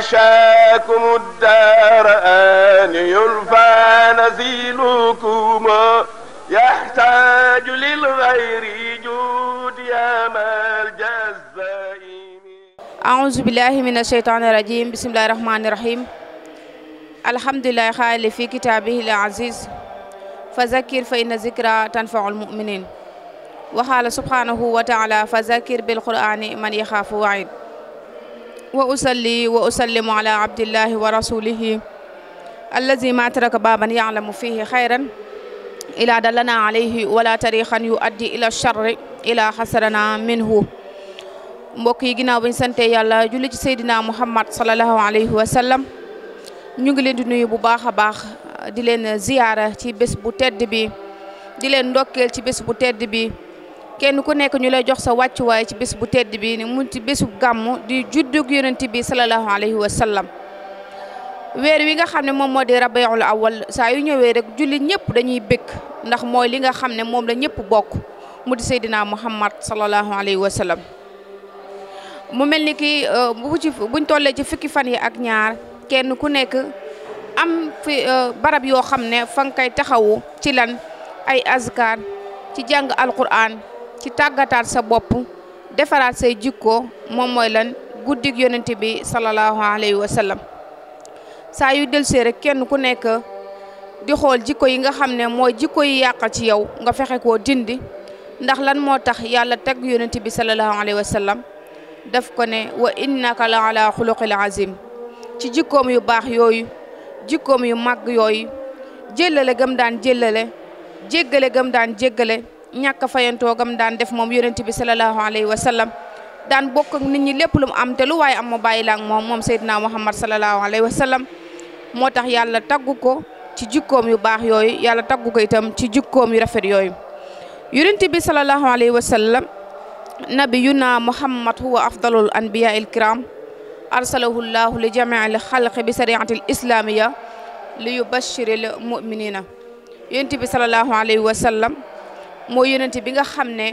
عشاكم الدار أن يلفى نزيلكما يحتاج للغير جود يا ملجزائم أعوذ بالله من الشيطان الرجيم بسم الله الرحمن الرحيم الحمد لله خالي في كتابه العزيز فذكر فإن الذكرى تنفع المؤمنين وقال سبحانه وتعالى فذكر بالقرآن من يخاف وعيد wa usalli wa usallimu ala abdillahi wa rasulihi allazi ma taraka baaban yaalamu fihi xayran ila dallana alayhi wala tarixan yu addi ila charri ila xasarana minhu mbokk yi ginnaaw bañ sante yàlla julli ci seydina muhammad salallahu alayhi wa sallam ñu ngi leen di nuyu bu baax a baax di leen ziyaara ci bés bu tedd bi di ci bés bu tedd bi kenn ku nekk ñu lay jox sa wàccuwaay ci bés bu tedd bi ni mu ci bésu gàmm di juddug yonent bi sallallahu alayhi wa sallam weer wi nga xam ne moom moo di rabiul awal saa yu ñëwee rek jullit ñëpp dañuy bëgg ndax mooy li nga xam ne moom la ñëpp bokk mu di Seydina Muhammad sallallahu alayhi wa sallam mu mel ni ki euh, buñ tollee ci fukki fan yi ak ñaar kenn ku nekk am euh, barab yoo xam ne fa nga koy taxawu ci lan ay azkar ci jàng alquran ci tàggataat sa bopp defaraat say jikkoo moom mooy lan guddig yonent bi sallallahu alayhi wa saa yu delsee rek kenn ku nekk di xool jikko yi nga xam ne mooy jikko yi yàq ci yow nga fexe ko dindi ndax lan moo tax yàlla teg yonent bi sallallahu alayhi wa def ko ne wa innaka la ala xuluqil azim ci jikkoom yu baax yooyu jikkoom yu màgg yooyu jëllale gam daan jëllale jéggale gam daan jéggale ñàkk fayantoogam daan def moom yonent bi sallallahu alayhi wa sallam daan bokk ak nit ñi lépp lu mu am te am mu bàyyi la ak moom moom Seydina Muhammad sallallahu alayhi wa sallam moo tax yàlla taggu ko ci jikkoom yu baax yooyu yàlla taggu ko itam ci jikkoom yu rafet yooyu yonent bi sallallahu alayhi wa sallam nabiyuna Muhammad huwa afdalul anbiya il kiram arsalahu llahu li jamiil xalqi bi sariati l islamiya li yubashiril muminina yonent bi sallallahu alayhi wa sallam moo yonent bi nga xam ne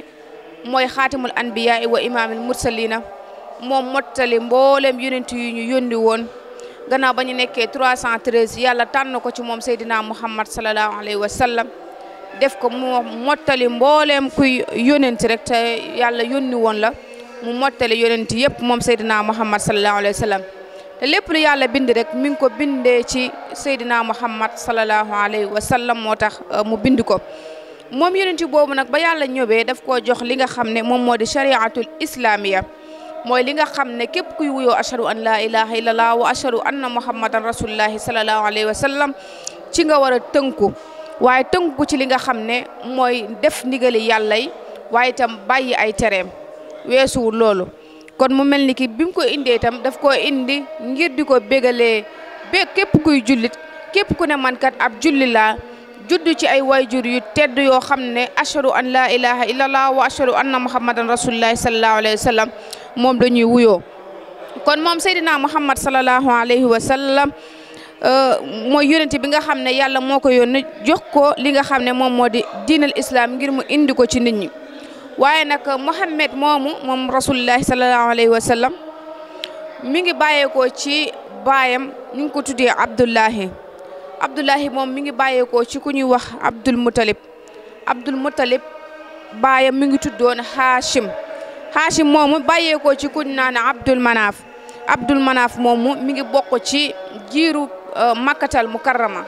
mooy xaatimul anbiyaa wa imaamil mursalina moom mottali mbooleem yonent yu ñu yónni woon gannaaw ba ñu nekkee 313 yàlla tànn ko ci moom Seydina Muhammad sallallahu alayhi wa sallam def ko mu mottali mbooleem kuy yonent rek te yàlla yónni woon la mu mottali yonent yëpp moom Seydina Muhammad sallallahu alayhi wa sallam te lépp lu yàlla bind rek mi ngi ko bindee ci Seydina Muhammad sallallahu alayhi wa sallam moo tax euh, mu bind ko moom yonent boobu nag ba yàlla ñëwee daf koo jox li nga xam ne moom moo di chariatul islamiya mooy li nga xam ne képp kuy wuyo ashadu an laa ilaha illallah wa ashadu anna muhammadan rasulullahi salallahu alayhi wa sallam ci nga war a tënku waaye tënku ci li nga xam ne mooy def ndigali yàlla yi waaye itam bàyyi ay tereem weesuwul loolu kon mu mel ni ki bi mu indee itam daf ko indi ngir di ko bégalee bé képp kuy jullit képp ku ne man kat ab julli laa judd ci ay waajur yu tedd yoo xam ne ashadu an laa ilaha illallah wa ashadu anna muhammadan rasulullah sallallahu alayhi wa sallam moom la ñuy kon moom Seydina Muhammad sallallahu alayhi wa sallam euh, mooy yonent bi nga xam ne yàlla moo ko yónni jox ko li nga xam ne moom moo di diinal islam ngir mu indi ko ci nit ñi waaye nag Muhammad moomu moom rasulullah sallallahu alayhi wa sallam mi ngi bàyyeekoo ci baayam ñu ngi ko tuddee Abdullahi. Abdullahi moom mi ngi bàyyeekoo ci ku ñuy wax Abdul Muttalib Abdul Muttalib baayam mi ngi tuddoon Haashim Haashim moomu bàyyeekoo ci kuñ naan Abdul Manaaf Abdul Manaaf moomu mi ngi bokk ci jiiru euh, Makkatal Mukarrama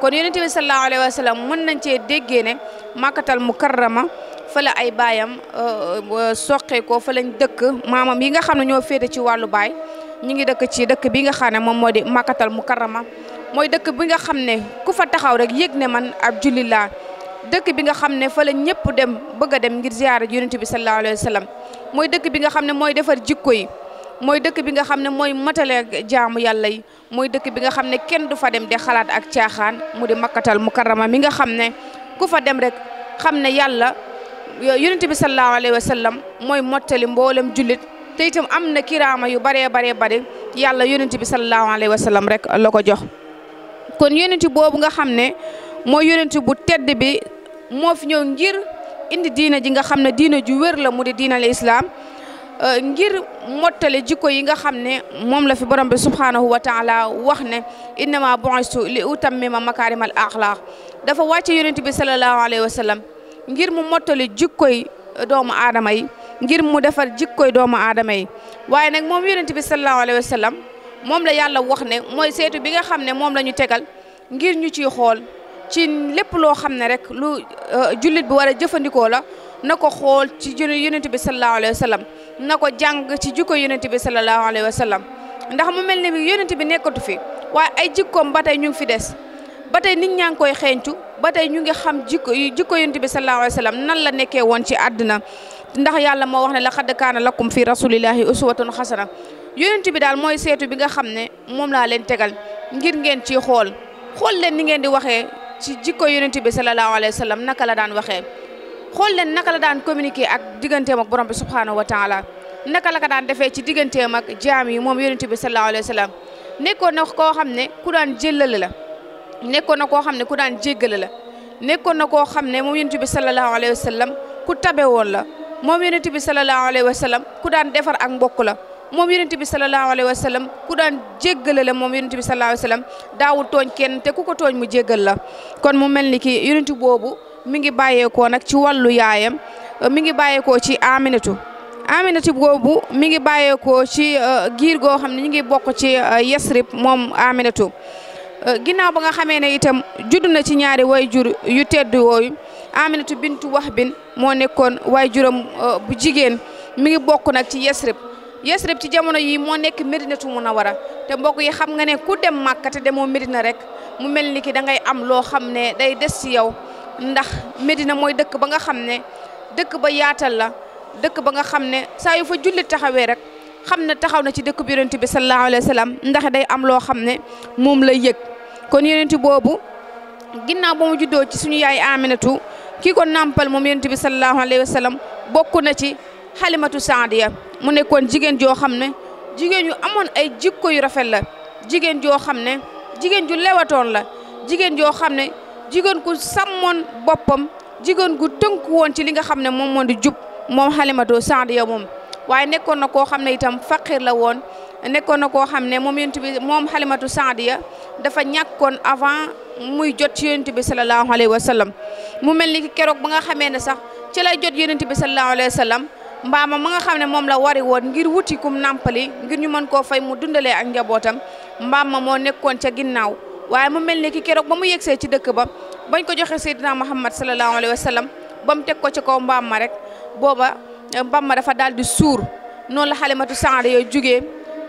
kon Yonent bi sallallahu alayhi wa sallam mën nañ cee déggee ne Makkatal Mukarrama fa la ay baayam euh, euh, soqee ko fa lañ dëkk maamam yi nga xam ne ñoo féete ci wàllu baay ñu ngi dëkk ci dëkk bi nga xam ne moom moo di Makkatal Mukarrama mooy dëkk bi nga xam ne ku fa taxaw rek yëg ne man ab julli laa dëkk bi nga xam ne fa la ñëpp dem bëgg a dem ngir ziyaara yonent bi sallallahu alayhi wa sallam mooy dëkk bi nga xam ne mooy defar jikko yi mooy dëkk bi nga xam ne mooy matale jaamu yàlla yi mooy dëkk bi nga xam ne kenn du fa dem di xalaat ak caaxaan mu di makkatal mukarrama mi nga xam ne ku fa dem rek xam ne yàlla yonent bi sallallahu alayhi wa mooy mottali mboolem jullit te itam am na kiraama yu baree baree bare yàlla yonent bi sallallahu alayhi wa sallam rek la ko jox kon yonent boobu nga xam ne mooy yonent bu tedd bi moo fi ñëw ngir indi diina ji nga xam ne diina ji wér la mu di diina al islaam euh, ngir mottale jikko yi nga xam ne moom la fi borom bi subhaanahu wa taala wax ne innama bu'istu li utammima makaarimal axlaaq dafa wàcce yonent bi sallallahu alayhi wa sallam ngir mu mottale jikkoy doomu aadama yi ngir mu defar jikkoy doomu aadama yi waaye nag moom yonent bi sallallahu alayhi wa moom la yàlla wax ne mooy seetu bi nga xam ne moom la ñu tegal ngir ñu ci xool ci lépp loo xam ne rek lu euh, jullit bi war a jëfandikoo la na ko xool ci yonent bi sallallahu alayhi wa sallam na ko jàng ci jikko yonent bi sallallahu alayhi wa sallam ndax mu mel ne yonent bi nekkatu fi waaye ay jikkoom ba tey ñu ngi fi des ba tey nit ñaa ngi koy xeeñcu ba tey ñu ngi xam jikko jikko yonent bi sallallahu alayhi wa sallam nan la nekkee woon ci àddina ndax yàlla moo wax ne laqad kaana lakum fi rasulillahi uswatun xasana yonent bi daal mooy seetu bi nga xam ne moom laa leen tegal ngir ngeen ci xool xool leen ni ngeen di waxee ci jikko yonent bi sallallahu alayhi wa sallam naka la daan waxee xool leen naka la daan communiquer ak digganteem ak borom bi subhanahu wa taala naka la ko daan defee ci digganteem ak jaam yi moom yonent bi sallallahu alayhi wa nekkoon na koo xam ne ku daan jëllale la nekkoon na koo xam ne ku daan jéggale la nekkoon na koo xam ne moom yonent bi sallallahu alayhi wa sallam ku tabe woon la moom yonent bi sallallahu alayhi wa ku daan defar ak la moom yonent bi salallaahu alayhi wa sallam ku daan jéggale moom yonent bi salallaahu alayhi wa sallam tooñ kenn te ku ko tooñ mu jéggal la kon mu mel ni ki yonent boobu mi ngi bàyyeekoo nag ci wàllu yaayam mi ngi bàyyeekoo ci aminatu aminatu boobu mi ngi bàyyeekoo ci uh, giir goo xam ne ñu ngi bokk ci uh, yesrib moom aminatu uh, ginnaaw ba nga xamee ne itam judd na ci ñaari wayjur yu tedd woyu aminatu bintu wax bin moo nekkoon wayjuram bu jigéen mi ngi bokk nag ci yesrib Yes Rip ci jamono yi moo nekk Medinatu Munawara te mbokk yi xam nga ne ku dem Màkka te demoo Medina rek mu mel ni ki da ngay am loo xam ne day des ci yow ndax Medina mooy dëkk ba nga xam ne dëkk ba yaatal la dëkk ba nga xam ne saa yu fa jullit taxawee rek xam ne taxaw na ci dëkk bi yonent bi sallallahu alayhi wa ndax day am loo xam ne moom lay yëg kon yonent boobu ginnaaw moo mu juddoo ci suñu yaay Aminatu kii ko nàmpal moom yonent bi sallallahu alayhi wa bokk na ci. xalimatu saadiya mu nekkoon jigéen joo xam ne jigéen yu amoon ay jikko yu rafet la jigéen joo xam ne jigéen ju lewatoon la jigéen joo xam ne jigéen ku sàmmoon boppam jigéen gu tënku woon ci li nga xam ne moom moo di jub moom xalimatu saadiya moom waaye nekkoon na koo xam ne itam faqir la woon nekkoon na koo xam ne moom yonent bi moom xalimatu saadiya dafa ñàkkoon avant muy jot ci yonent bi sallallahu alayhi wa sallam mu mel ni keroog ba nga xamee ne sax ci lay jot yonent bi sallallahu alayhi wa sallam mbaama ma nga xam ne moom la wari woon ngir wuti kum nàmpali ngir ñu mën koo fay mu dundalee ak njabootam ma moo nekkoon ca ginnaaw waaye mu mel ni ki keroog ba mu yegsee ci dëkk ba bañ ko joxe Seydina Muhammad sallallahu alayhi wa sallam ba mu teg ko ci kaw mbaam ma rek booba eh, mbaam ma dafa daal di suur noonu la xalimatu Saadiya jógee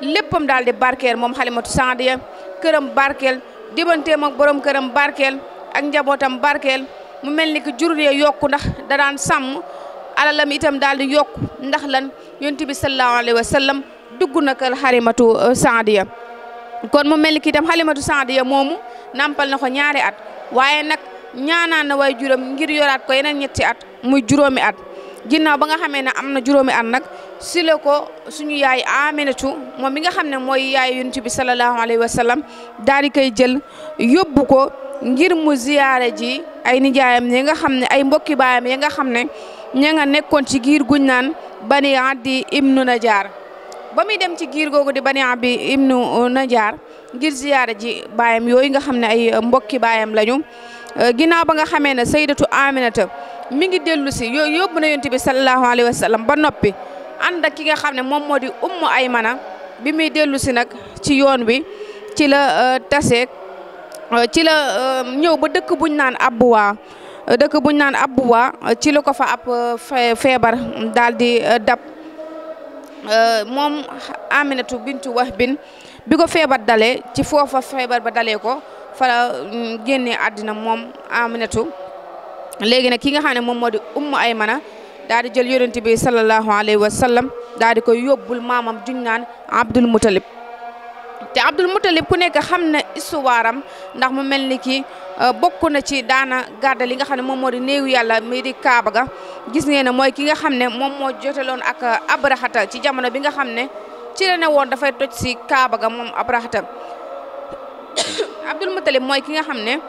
léppam daal di barkeel moom xalimatu Saadiya këram barkeel dibanteem ak borom këram barkeel ak njabootam barkeel mu mel ni ki jur yokku ndax da sàmm. alalam itam daal di yokku ndax lan yonent bi sallallahu alayhi wa sallam na kër xarimatu euh, saadiya kon mu mel ni ki itam xalimatu saadiya moomu nampal na ko ñaari at waaye nag ñaanaan na waaye juróom ngir yoraat ko yeneen ñetti at muy juróomi at ginnaaw ba nga xamee ne am na juróomi at nag si la ko suñu yaay Aminatu moom mi nga xam ne mooy yaay yonent bi sallallahu alayhi wa sallam daal di koy jël yóbbu ko ngir mu ziyaare ji ay nijaayam yi nga xam ne ay mbokki baayam nga xam ne ña nga nekkoon ci giir guñ naan bani addi ibnu najaar ba muy dem ci giir googu di bani abdi ibnu najaar ngir ziyaara ji baayam yooyu nga xam ne ay mbokki baayam lañu euh, ginnaaw ba nga xamee ne saydatu aminata mi ngi dellu si yo yóbbu na yonent bi sallallahu alayhi wa ba noppi ànd ak ki nga xam ne moom moo di ummu aymana bi muy dellu si nag ci yoon wi ci la euh, taseek euh, ci la ñëw ba dëkk buñ naan abbuwaa dëkk buñ naan Abouba ci la ko fa ab euh, feebar daal di euh, dab euh, moom Aminatu Bintu wax bi ko feebar dalee ci foofa feebar ba dalee ko fa mm, génnee àddina moom Aminatu léegi nag ki nga xam ne moom moo di Ummu Aymana daal di jël yonent bi sallallahu alayhi wa sallam daal di koy yóbbul maamam juñ naan Abdul Mutalib te Abdul Muttalib ku nekk xam ne histoire ndax mu mel ni ki euh, bokk na ci daana gàdda li nga xam ne moom moo di néew yàlla mi Kaaba ga gis ngeen ne mooy ki nga xam ne moom moo joteloon ak euh, Abraxata ci jamono bi nga xam ne ci la ne woon dafay toj si Kaaba ga moom Abraxata Abdul Muttalib mooy ki nga xam ne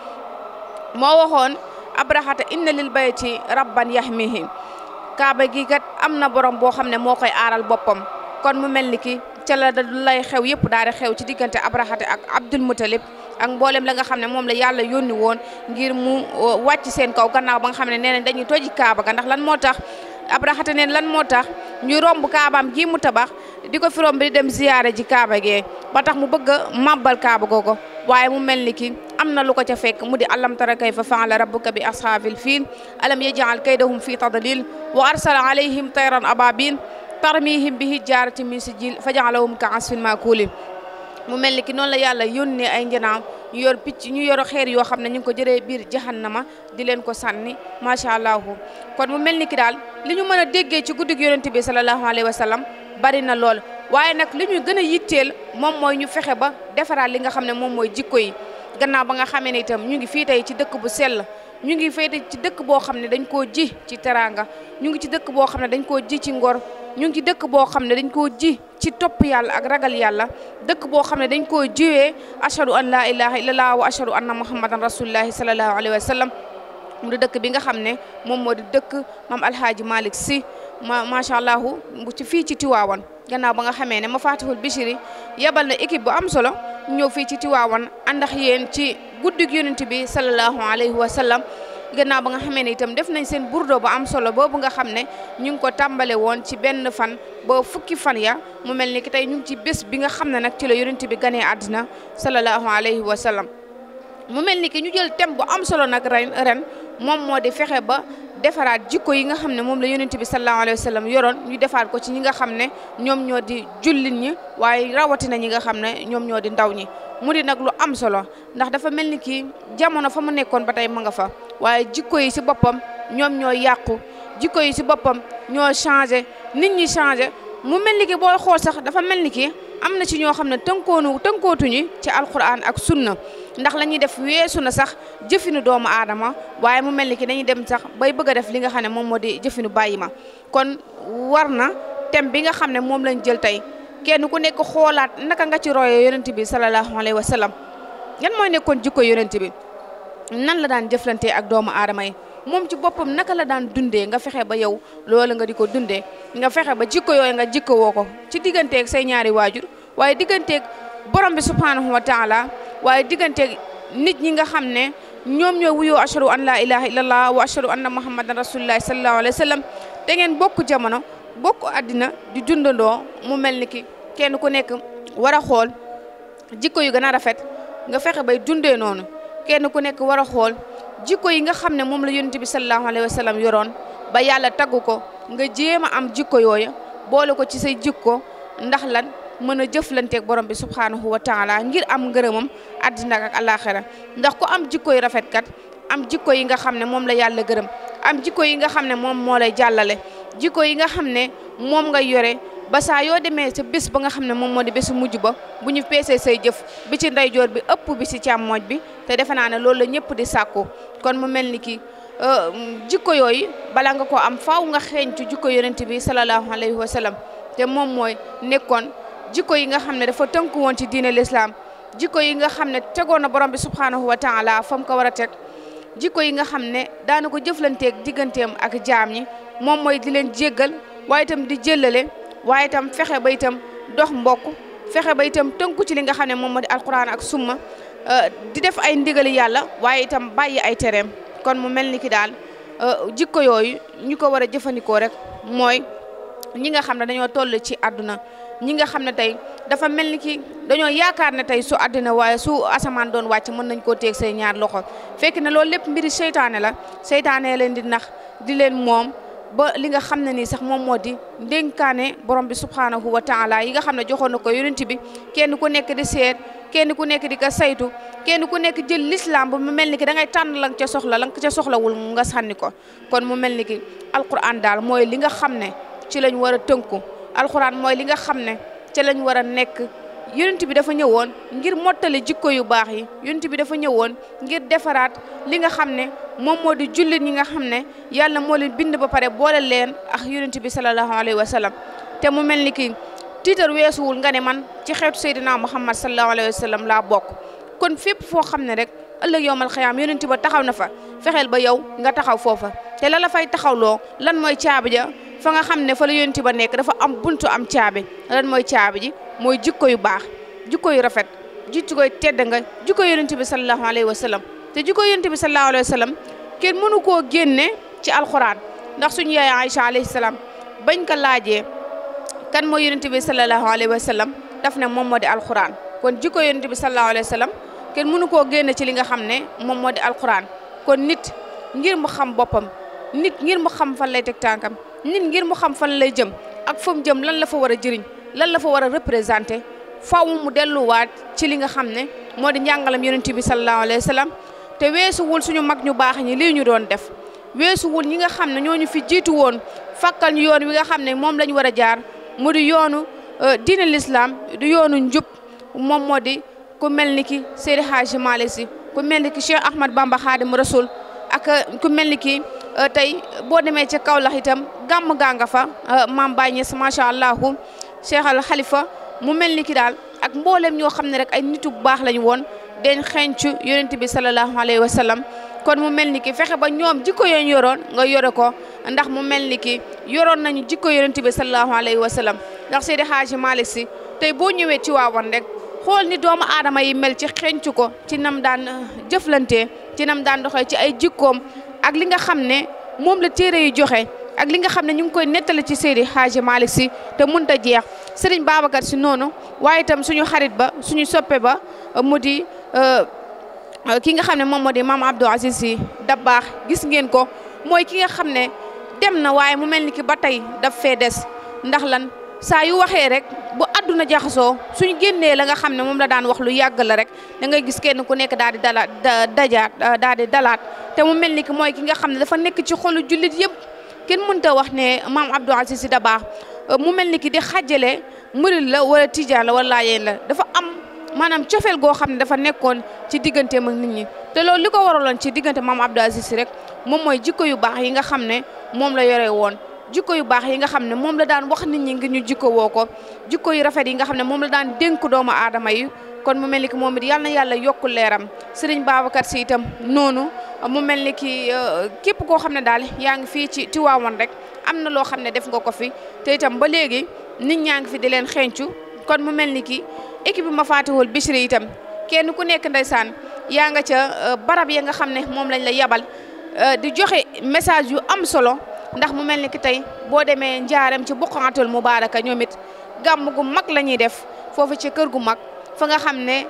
moo waxoon Abraxata inna lil bayti rabban yahmihi Kaaba gi kat am na borom boo xam ne moo koy aaral boppam kon mu mel ni ki ca la da lay xew yëpp daal di xew ci diggante abrahate abdul mutalib ak mboolem la nga xam ne moom la yàlla yónni woon ngir mu uh, wàcc seen kaw gannaaw ba xam ne nee nañ dañuy toji kaaba ga ndax lan moo tax abrahate neen lan moo tax ñu romb kaabaam gi mu tabax di ko fi romb di dem ziyaare ji kaaba gee ba tax mu bëgg a màbbal kaaba googu waaye mu mel ni ki am na lu ko ca fekk mu di alam tara kayfa faala rabbuka a ashaabil fiil alam yaj'al kaydahum fi tadlil wa arsala alayhim fi ababil jaar tarmihim bihi jaarati min sijil fajalahum ka asfin maakuli mu mel ni ki noonu la yàlla yónnee ay njanaaw ñu yor picc ñu yor xeer yoo xam ne ñu ngi ko jëree biir jahannama di leen ko sànni macha allahu kon mu mel ni ki daal li ñu mën a déggee ci guddig yonent bi sallallahu alayhi wa sallam bari na lool waaye nag li ñu gën a yitteel moom mooy ñu fexe ba defaraat li nga xam ne moom mooy jikko yi gannaaw ba nga xamee ne itam ñu ngi fii tey ci dëkk bu sell ñu ngi fay ci dëkk boo xam ne dañ koo ji ci teraanga ñu ngi ci dëkk boo xam ne dañ koo ji ci ngor ñu ngi ci dëkk boo xam ne dañ ko ji ci topp yàlla ak ragal yàlla dëkk boo xam ne dañ koo jiwee ashadu an laa ilaha illallah wa ashadu anna muhammadan rasulullahi salallahu alayhi wa sallam mu di dëkk bi nga xam ne moom moo di dëkk mam alhaaji malik si ma macha allah bu ci fii ci tiwaawan gannaaw ba nga xamee ne ma fatihul bichiri yebal na équipe bu am solo ñëw fii ci tiwaawan àndax yéen ci guddi guddig yonent bi salallahu alayhi wa sallam gannaaw ba nga xamee ne itam def nañ seen burdo bu am solo boobu nga xam ne ñu ngi ko tàmbale woon ci benn fan ba fukki fan ya mu mel ni ki tey ñu ci bés bi nga xam ne nag ci la yonent bi ganee àddina sallallahu alayhi wa sallam mu mel ni ki ñu jël thème bu am solo nag ren ren moom moo di fexe ba defaraat jikko yi nga xam ne moom la yonent bi sallallahu alayhi wa yoroon ñu defaat ko ci ñi nga xam ne ñoom ñoo di jullit ñi waaye rawatina ñi nga xam ne ñoom ñoo di ndaw ñi mu di nag lu am solo ndax dafa mel ni kii jamono fa mu nekkoon ba tey ma nga fa waaye jikko yi si boppam ñoom ñoo yàqu jikko yi si boppam ñoo changé nit ñi changé mu mel ni ki booy xool sax dafa mel ni ki am na ci ñoo xam ne tënkoonu tënkootuñu ci alquran ak sunna ndax lañuy def weesu na sax jëfinu doomu aadama waaye mu mel ni ki dañuy dem sax bay bëgg a def li nga xam ne moom moo di jëfinu bàyyi ma kon war na thème bi nga xam ne moom lañ jël tey kenn ku nekk xoolaat naka nga ci royee yonent bi sallallahu alayhi wa sallam yan mooy nekkoon jikko yonent bi nan la daan jëflantee ak doomu aadama yi moom ci boppam naka la daan dundee nga fexe ba yow loola nga di ko dundee nga fexe ba jikko yooyu nga jikko woo ko ci digganteeg say ñaari waajur waaye digganteeg borom bi subhanahu wa taala waaye digganteeg nit ñi nga xam ne ñoom ñoo wuyoo ashadu an laa ilaha illallah wa ashadu anna muhammadan rasulullah sallallahu alayhi wa sallam da ngeen bokk jamono bokk àddina di dundandoo mu mel ni ki kenn ku nekk war a xool jikko yu gën a rafet nga fexe bay dundee noonu kenn ku nekk war a xool jikko yi nga xam ne moom la yonent bi sallallahu alayhi wa sallam yoroon ba yàlla tagg ko nga jéem a am jikko yooya boole ko ci say jikko ndax lan mën a jëflanteeg borom bi subhaanahu wa taala ngir am ngërëmam àddina ak àllaaxira ndax ku am jikko yu rafet kat am jikko yi nga xam ne moom la yàlla gërëm am jikko yi nga xam ne moom moo lay jàllale jikko yi nga xam ne moom nga yore. ba saa yoo demee sa bés ba nga xam ne moom moo di bésu mujj ba bu ñu peesee say jëf bi ci ndeyjoor bi ëpp bi ci càmmooñ bi te defe naa ne loolu la ñëpp di sàkku kon mu mel ni ki euh, jikko yooyu balaa nga ko am faaw nga xeeñ ci jikko yonent bi salallaahu alayhi wa sallam te moom mooy nekkoon jikko yi nga xam ne dafa tënku woon ci diine lislaam jikko yi nga xam ne tegoon na borom bi subhaanahu wa taala fa mu ko war a teg jikko yi nga xam ne daana ko jëflanteeg digganteem ak jaam ñi moom mooy di leen jéggal waaye itam di jëllale waaye itam fexe ba itam dox mbokk fexe ba itam tënku ci li nga xam ne moom moo di alquran ak summa euh, di def ay ndigal yàlla waaye itam bàyyi ay tereem kon mu mel ni ki daal euh, jikko yooyu ñu ko war a jëfandikoo rek mooy ñi nga xam ne dañoo toll ci àdduna ñi nga xam ne tey dafa mel ni ki dañoo yaakaar ne tey su àddina waaye su asamaan doon wàcc mën nañ koo teeg say ñaar loxo fekk ne loolu lépp mbiri seytaane la seytaane leen di nax di leen moom ba li nga xam ne ni sax moom moo di ndénkaane borom bi subhaanahu wa taala yi nga xam ne joxoon na ko yonent bi kenn ku nekk di seet kenn ku nekk di ko saytu kenn ku nekk jël lislaam ba mu mel ni ki da ngay tànn la nga ca soxla la nga ca soxlawul nga sànni ko kon mu mel ni ki alquran daal mooy li nga xam ne ci lañ war a tënku alquran mooy li nga xam ne ci lañ war a nekk yonent bi dafa ñëwoon ngir mottali jikko yu baax yi yonent bi dafa ñëwoon ngir defaraat li nga xam ne moom moo di jullit ñi nga xam ne yàlla moo leen bind ba pare boole leen ak yonent bi sallallahu alayhi wa sallam te mu mel ni ki tiitar weesuwul nga ne man ci xeetu Seydina Muhammad sallallahu alayhi wa sallam laa bokk kon fépp foo xam ne rek ëllëg yowmal xiyaam yonent ba taxaw na fa fexeel ba yow nga taxaw foofa te la la fay taxawloo lan mooy caabi ja fa nga xam ne fa la yonent ba nekk dafa am buntu am caabi lan mooy caabi ji mooy jikko yu baax jikko yu rafet jikko yu tedd nga jikko yonent bi sallallahu alayhi wa sallam te jikko yonent bi sallallahu alayhi wa kenn mënu koo génne ci alxuraan ndax suñu yaay Aïcha alayhi salaam bañ ko laajee kan mooy yonent bi sallallahu alayhi wa daf ne moom moo di alxuraan kon jikko yonent bi sallallahu alayhi wa kenn mënu koo génne ci li nga xam ne moom moo di alxuraan kon nit ngir mu xam boppam nit ngir mu xam fan lay teg tànkam nit ngir mu xam fan lay jëm ak fu jëm lan la fa war a jëriñ lan la fa war a représenté faw mu delluwaat ci li nga xam ne moo di njàngalam yonent bi sallallahu alayhi wa sallam te weesuwul ñu mag ñu baax ñi li ñu doon def weesu wul ñi nga xam ne ñoo ñu fi jiitu woon fakkal ñu yoon wi nga xam ne moom lañu war a jaar mu di yoonu euh, diine lislaam di yoonu njub moom moo di ku mel ni ki Seydi Hadji Malick si ku mel ni ki Cheikh Ahmad Bamba Khadim Rasoul ak euh, ku mel ni ki euh, tey boo demee ca Kaolack itam gàmm gaa nga fa maam Baye Niass macha Cheikh xalifa mu mel ni ki daal ak mboolem ñoo xam ne rek ay nitu bu baax lañu woon den xencu yonent bi sallallahu alayhi wa sallam kon mu mel ni ki fexe ba ñoom jikko yooyu yoroon nga yore ko ndax mu mel ni ki yoroon nañu jikko yonent bi sallallahu alayhi wa sallam ndax Seydi Hadji Malick Sy tey boo ñëwee ci waawan rek xool ni doomu aadama yi mel ci xencu ko ci nam daan euh, jëflantee ci nam daan doxee ci ay jikkoom ak li nga xam ne moom la téere yi joxe. ak li nga xam ne ñu ngi koy nettali ci Seydi Hadji Malick si te munta jeex Serigne Babacar si noonu waaye itam suñu xarit ba suñu soppe ba mu di euh, ki nga xam ne moom moo di maam Abdou Aziz Sy Dabakh gis ngeen ko mooy ki nga xam ne dem na waaye mu mel ni ki ba tey daf fee des ndax lan saa yu waxee rek bu adduna jaxasoo suñu génnee la nga xam ne moom la daan wax lu yàgg la rek da ngay gis kenn ku nekk daal di dalaat dajaat euh, daal di dalaat te mu mel ni ki mooy ki nga xam ne dafa nekk ci xolu jullit yëpp. kenn mënta wax ne maam Abdou Aziz Sy Dabakh euh, mu mel ni kii di xàjjale murid la wala tijaan la wala laayeen la dafa am maanaam cofeel goo xam ne dafa nekkoon ci digganteem ak nit ñi te lool li ko waraloon ci diggante maam Abdou Aziz Sy rek moom mooy jikko yu baax yi nga xam ne moom la yore woon. jikko yu baax yi nga xam ne moom la daan wax nit ñi ngir ñu jikko woo ko jikko yu rafet yi nga xam ne moom la daan dénk doomu aadama yi kon mu mel ni ki moom it yal na yàlla yokk leeram Serigne Babacar Sy noonu. mu mel ni ki euh, képp koo xam ne daal yaa nga fii ci Tiwaawan rek am na loo xam ne def nga ko fi te itam ba léegi nit ñaa ngi fi di leen xeencu kon mu mel ni ki équipe ma faatihul Bichri itam kenn ku nekk ndeysaan yaa nga ca euh, barab ya nga xam ne moom lañ la yabal euh, di joxe message yu am solo ndax mu mel ni ki tey boo demee njaaram ci mu mubaaraka ñoom it gàmm gu mag la ñuy def foofu ci kër gu mag fa nga xam ne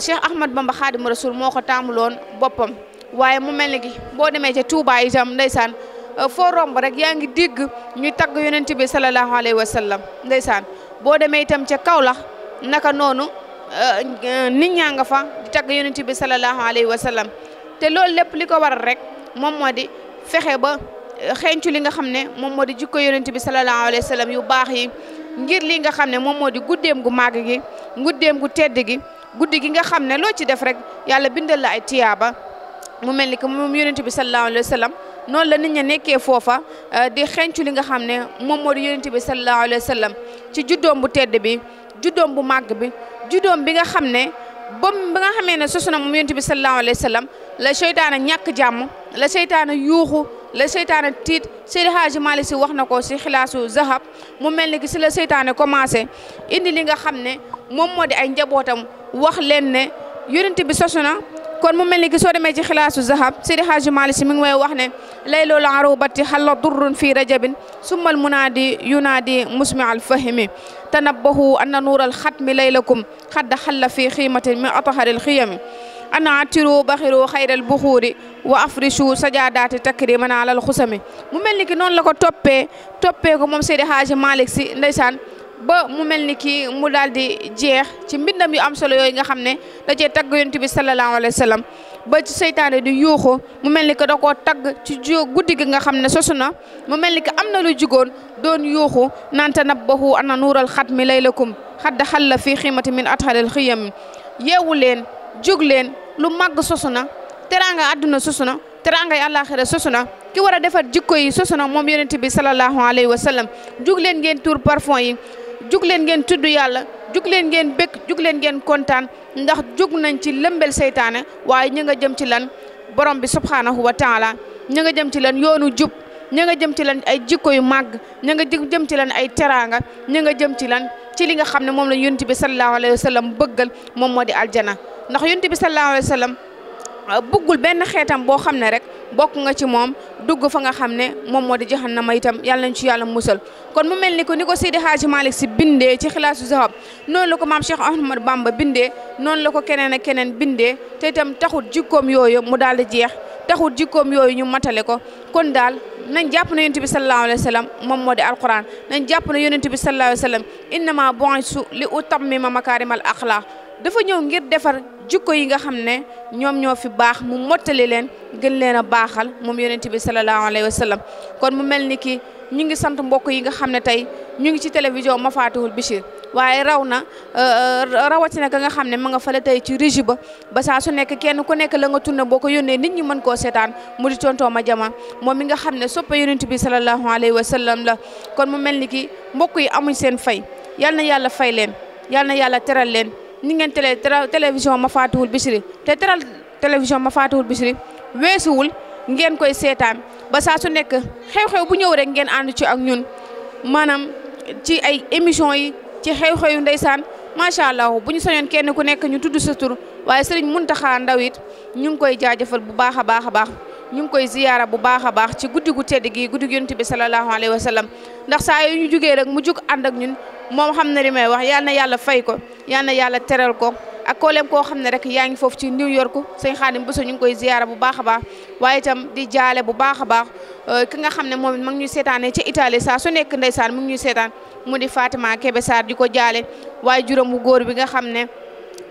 Cheikh Ahmad Bamba Xaadimu Rasul moo ko taamuloon boppam waaye mu mel ni ki boo demee ca Touba itam ndeysaan euh, foo romb rek yaa ngi dégg ñu tagg yonent bi sallallahu alayhi wa sallam ndeysaan boo demee itam ca Kaolack naka noonu euh, euh, nit ñaa nga fa di tagg yonent bi sallallahu alayhi wa sallam te loolu lépp li ko waral rek moom moo di fexe ba xeeñcu li nga xam ne moom moo di jikko yonent bi sallallahu alayhi wa yu baax yi ngir li nga xam ne moom moo di guddeem gu màgg gi guddeem gu tedd gi guddi gi nga xam ne loo ci def rek yàlla bindal la ay tiyaaba mu mel ni que moom yonent bi sallallahu alayhi wa noonu la nit ña nekkee foofa euh, di xencu li nga xam ne moom moo di yonent bi sallallahu alayhi ci juddoom bu tedd bi juddoom bu màgg bi juddoom bi nga xam ne bam ba nga xamee ne sosu mu moom yonent bi sallallahu alayhi wa sallam la seytaane ñàkk jàmm la seytaane yuuxu la seytaane tiit Seydi Hadji si wax na ko si xilaasu zahab mu mel ni ki si la seytaane commencé indi li nga xam ne moom moo di ay njabootam wax leen ne yonent bi sosu kon mu mel ni ki soo demee ci xilaasu zahab Seydi Hadji Malick Sy mi way wax ne lay arubati xalla durrun fii rajabin summal munaadi yunaadi musmi al fahimi tanabbahu anna nuural xatmi laylakum xadda xalla fii xiimatin min ataharil xiyami ana atiru baxiru xayral buxuuri wa afrishu sajaadaati takriman alal xusami mu mel ni ki noonu la ko toppee toppee ko moom Seydi ba mu mel ni kii mu daal di jeex ci mbindam yu am solo yooyu nga xam ne da cee tagg yonent bi sallallahu alayhi wa ba ci seytaane di yuuxu mu mel ni que da ko tagg ci ju guddi gi nga xam ne sosu mu mel ni que am na lu jugoon doon yuuxu naan tanabbahu anna nuural xatmi laylakum xadda la fii xiimati min atxalil xiyam yeewu leen jóg leen lu màgg sosu na teraanga àdduna sosu na teraanga yi àllaaxira ki war a defar jikko yi sosu moom yonent bi sallallahu alayhi wa sallam jug leen ngeen tuur yi jug leen ngeen tudd yàlla jug leen ngeen bëgg jug leen ngeen kontaan ndax jug nañ ci lëmbel seytaane waaye ñi nga jëm ci lan borom bi subhaanahu wa taala ñi nga jëm ci lan yoonu jub ñi nga jëm ci lan ay jikko yu màgg ñi nga jëm ci lan ay teraanga ñi nga jëm ci lan ci li nga xam ne moom la yonent bi sallallahu alayhi wa sallam bëggal moom moo di aljana ndax yonent bi sallallahu Euh, buggul benn xeetam boo xam ne rek bokk nga ci moom dugg fa nga xam ne moom moo di jahannama itam yàlla nañ ci yàlla musal kon mu mel ni ko ni ko Seydi Hadji Malick Sy bindee ci xilaasu zahab noonu la ko maam Cheikh Ahmad Bamba bindee noonu la ko keneen keneen bindee te itam taxut jikkoom yooyu mu daal di jeex taxut jikkoom yooyu ñu matale ko kon daal nañ jàpp na yonent bi sallallahu alayhi wa moom moo di alquran nañ jàpp na yonent bi sallallahu alayhi wa sallam innama bu'istu li utammima makaarimal axlaaq dafa ñëw ngir defar jukko yi nga xam ne ñoom ñoo fi baax mu mottali leen gën leen a baaxal moom yonent bi sallallahu alayhi wa sallam kon mu mel ni ki ñu ngi sant mbokk yi nga xam ne tey ñu ngi ci télévision Mafatihul Bichri waaye raw na euh, euh, rawatina ka nga xam ne ma nga fale tey ci régie ba ba saa su nekk kenn ku nekk la nga boo ko yónnee nit ñi mën koo seetaan mu di tontoo ma jama moom mi nga xam ne soppa yonent bi sallallahu alayhi wa sallam la kon mu mel ni ki mbokk yi amuñ seen fay yal na yàlla fay leen yal na yàlla teral leen ni ngeen télé télévision ma faatuwul Bichri te teral télévision ma faatuwul Bichri weesuwul ngeen koy seetaan ba saa su nekk xew-xew bu ñëw rek ngeen ànd ci ak ñun maanaam ci ay émission yi ci xew-xew ndeysaan macha allah bu ñu sañoon kenn ku nekk ñu tudd sa tur waaye sëriñ Muntaxa Ndaw it ñu ngi koy jaajëfal bu baax a baax a baax ñu ngi koy ziyaara bu baax a baax ci guddi gu tedd guddi gu yonent bi salallaahu alayhi wa sallam ndax saa yu ñu jugee rek mu jug ànd ak ñun moom xam na li may wax yal na yàlla fay ko yal na yàlla teral ko ak kooleem koo xam ne rek yaa ngi foofu ci New York sëñ Xaadim Bousso ñu ngi koy ziyaara bu baax a baax waaye itam di jaale bu baax a baax euh, ki nga xam ne moom it ma ngi ñuy seetaanee ca Italie saa su nekk ndeysaan mu ngi ñuy seetaan mu di Fatima Kebe Sarr di ko jaale waaye juróom bu góor bi nga xam ne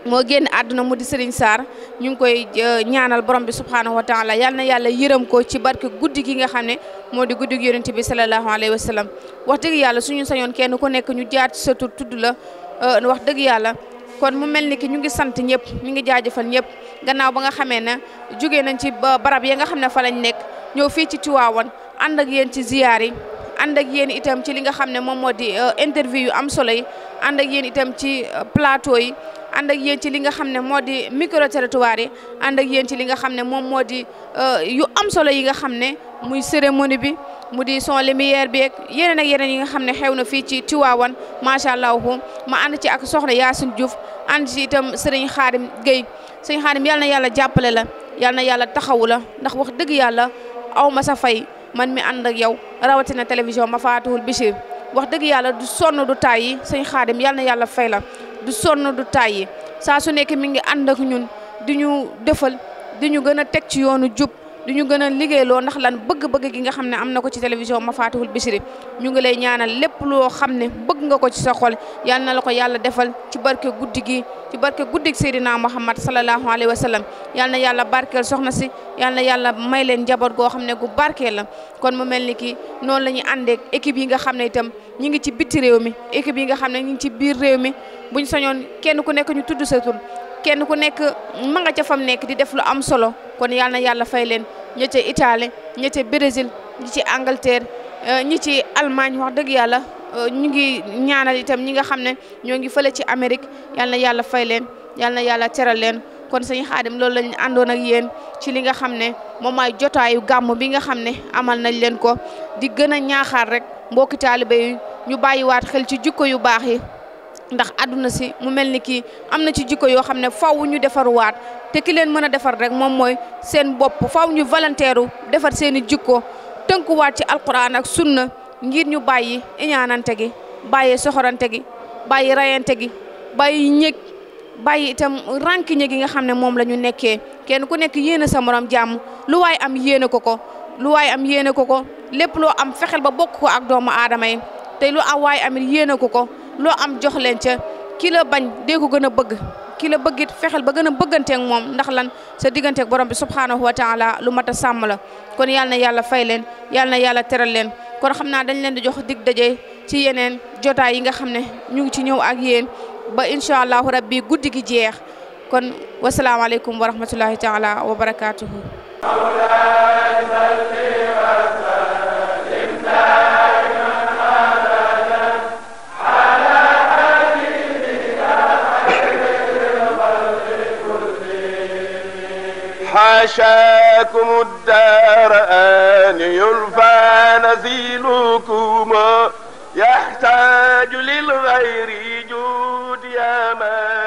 moo génn àdduna mu di Serigne Sarr ñu ngi koy euh, ñaanal borom bi subhaanahu wa taala yal na yàlla yërëm ko ci barke guddi gi nga xam ne moo di guddi gi yonent bi sallallahu alayhi wa sallam wax dëgg yàlla suñu sañoon kenn ku nekk ñu jaar ci tudd la euh, wax dëgg yàlla kon mu mel ni ki ñu ngi sant ñëpp ñu ngi jaajëfal ñëpp gannaaw ba nga xamee ne jógee nañ ci barab ya nga xam ne fa lañ nekk ñëw fii ci Tiwaawan ànd ak yéen ci ziyaar yi ànd ak yéen itam ci li nga xam ne moom moo di euh, interview yu am solo yi ànd ak yéen itam ci plateau yi ànd ak yéen ci li nga xam ne moo di micro territoire yi ànd ak yéen ci li nga xam ne moom moo di euh, yu am solo yi nga xam ne muy cérémonie bi mu di son lumière bi ak yeneen ak yeneen yi nga xam ne xew na fii ci waawan macha allah ma ànd ci ak soxna Yacine Diouf ànd ci itam sëriñ Xaadim Guèye sëriñ Xaadim yal na yàlla jàppale la yal na yàlla taxawu la ndax wax dëgg yàlla aw ma sa fay man mi ànd ak yow rawatina télévision ma faatuhul Bichir wax dëgg yàlla du sonn du taay yi sëriñ Xaadim yal yàlla fay la. du sonn du tàyyi saa su nekk mi ngi ànd ak ñun di ñu defal di gën a teg ci yoonu jub du ñu gën a liggéeyloo ndax lan bëgg-bëgg gi nga xam ne am na ko ci télévision ma faatihul bisiri ñu ngi lay ñaanal lépp loo xam ne bëgg nga ko ci sa xol yal na la ko yàlla defal ci barke guddi gi ci barke guddik Seydina Muhammad sallallahu alayhi wa sallam yal na yàlla barkeel soxna si yal na yàlla may leen njaboot goo xam ne gu barkeel la kon mu mel ni ki noonu la ñuy àndeek équipe yi nga xam ne itam ñi ngi ci bitti réew mi équipe yi nga xam ne ñi ngi ci biir réew mi buñ sañoon kenn ku nekk ñu tudd sa tur kenn ku nekk ma nga ca fam nekk di def lu am solo kon yàlla na yàlla fay leen ñi ci Italie ñi ci Brésil ñi ci Angleterre euh, ñi ci Allemagne wax dëgg yàlla euh, ñu ngi ñaanal itam ñi nga xam ne ñoo ngi fële ci Amérique yal yàlla fay leen yal na yàlla teral leen kon sëñ Xaadim loolu lañu àndoon ak yéen ci li nga xam ne moom mooy jotaayu gàmm bi nga xam ne amal nañ leen ko di gën a ñaaxaar rek mbokki taalibe yi ñu bàyyiwaat xel ci jikko yu baax yi ndax àdduna si mu mel ni kii am na ci jikko yoo xam ne faw ñu defaruwaat te ki leen mën a defar rek moom mooy seen bopp faw ñu volontaire defar seen i jikko tënkuwaat ci alquran ak sunna ngir ñu bàyyi iñaanante gi bàyyi soxorante gi bàyyi rayante gi bàyyi ñëg bàyyi itam rànkiñe gi nga xam ne moom la ñu nekkee kenn ku nekk yéene sa morom jàmm lu waay am yéene ko ko lu waay am yéene ko ko lépp loo am fexeel ba bokk ko ak doomu aadama yi te lu a waay amit yéene loo am jox leen ca ki bañ dee ko gën a bëgg ki la bëggit fexeel ba gën a bëgganteeg moom ndax lan sa digganteeg borom bi subhanahu wa taala lu mat a sàmm la kon yàlla na yàlla fay leen yal na yàlla teral leen kon xam naa dañ leen di jox digg daje ci yeneen jotaay yi nga xam ne ñu ngi ci ñëw ak yéen ba incha allahu rabbi guddi gi jeex kon wasalaamaaleykum wa rahmatullahi taala wa barakaatuhu عاشاكم الدار أن يلفى نزيلكم يحتاج للغير جود يا من